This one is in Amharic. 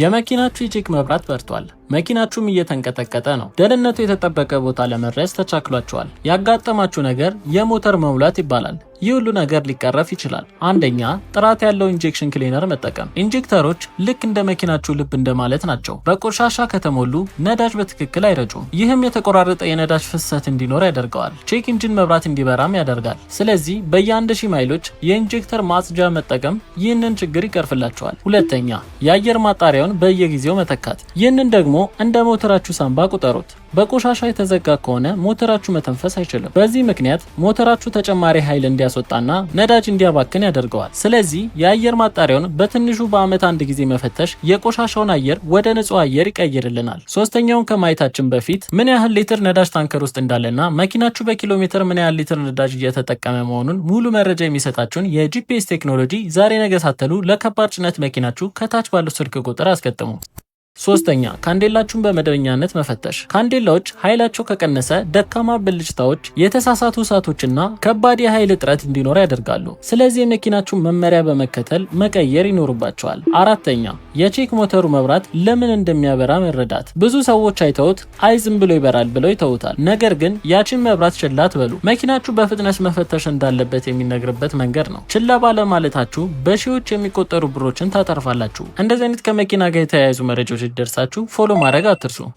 የመኪናችሁ የቼክ መብራት በርቷል። መኪናችሁም እየተንቀጠቀጠ ነው። ደህንነቱ የተጠበቀ ቦታ ለመድረስ ተቻክሏቸዋል። ያጋጠማችሁ ነገር የሞተር መሙላት ይባላል። ይህ ሁሉ ነገር ሊቀረፍ ይችላል። አንደኛ ጥራት ያለው ኢንጀክሽን ክሊነር መጠቀም። ኢንጀክተሮች ልክ እንደ መኪናችሁ ልብ እንደማለት ናቸው። በቆሻሻ ከተሞሉ ነዳጅ በትክክል አይረጩም። ይህም የተቆራረጠ የነዳጅ ፍሰት እንዲኖር ያደርገዋል። ቼክ ኢንጂን መብራት እንዲበራም ያደርጋል። ስለዚህ በየአንድ ሺህ ማይሎች የኢንጀክተር ማጽጃ መጠቀም ይህንን ችግር ይቀርፍላቸዋል። ሁለተኛ የአየር ማጣሪያውን በየጊዜው መተካት። ይህንን ደግሞ እንደ ሞተራችሁ ሳንባ ቁጠሩት። በቆሻሻ የተዘጋ ከሆነ ሞተራችሁ መተንፈስ አይችልም። በዚህ ምክንያት ሞተራችሁ ተጨማሪ ኃይል እንዲያስወጣና ነዳጅ እንዲያባክን ያደርገዋል። ስለዚህ የአየር ማጣሪያውን በትንሹ በዓመት አንድ ጊዜ መፈተሽ የቆሻሻውን አየር ወደ ንጹህ አየር ይቀይርልናል። ሶስተኛውን ከማየታችን በፊት ምን ያህል ሊትር ነዳጅ ታንከር ውስጥ እንዳለና መኪናችሁ በኪሎ ሜትር ምን ያህል ሊትር ነዳጅ እየተጠቀመ መሆኑን ሙሉ መረጃ የሚሰጣችሁን የጂፒኤስ ቴክኖሎጂ ዛሬ ነገ ሳትሉ ለከባድ ጭነት መኪናችሁ ከታች ባለው ስልክ ቁጥር አስገጥሙ። ሶስተኛ ካንዴላችሁን በመደበኛነት መፈተሽ። ካንዴላዎች ኃይላቸው ከቀነሰ ደካማ ብልጭታዎች፣ የተሳሳቱ እሳቶችና ከባድ የኃይል እጥረት እንዲኖር ያደርጋሉ። ስለዚህ የመኪናችሁን መመሪያ በመከተል መቀየር ይኖርባቸዋል። አራተኛ የቼክ ሞተሩ መብራት ለምን እንደሚያበራ መረዳት። ብዙ ሰዎች አይተውት አይ ዝም ብሎ ይበራል ብለው ይተውታል። ነገር ግን ያችን መብራት ችላ አትበሉ። መኪናችሁ በፍጥነት መፈተሽ እንዳለበት የሚነግርበት መንገድ ነው። ችላ ባለማለታችሁ በሺዎች የሚቆጠሩ ብሮችን ታጠርፋላችሁ። እንደዚህ አይነት ከመኪና ጋር የተያያዙ መረጃዎች ይደርሳችሁ ፎሎ ማድረግ አትርሱ።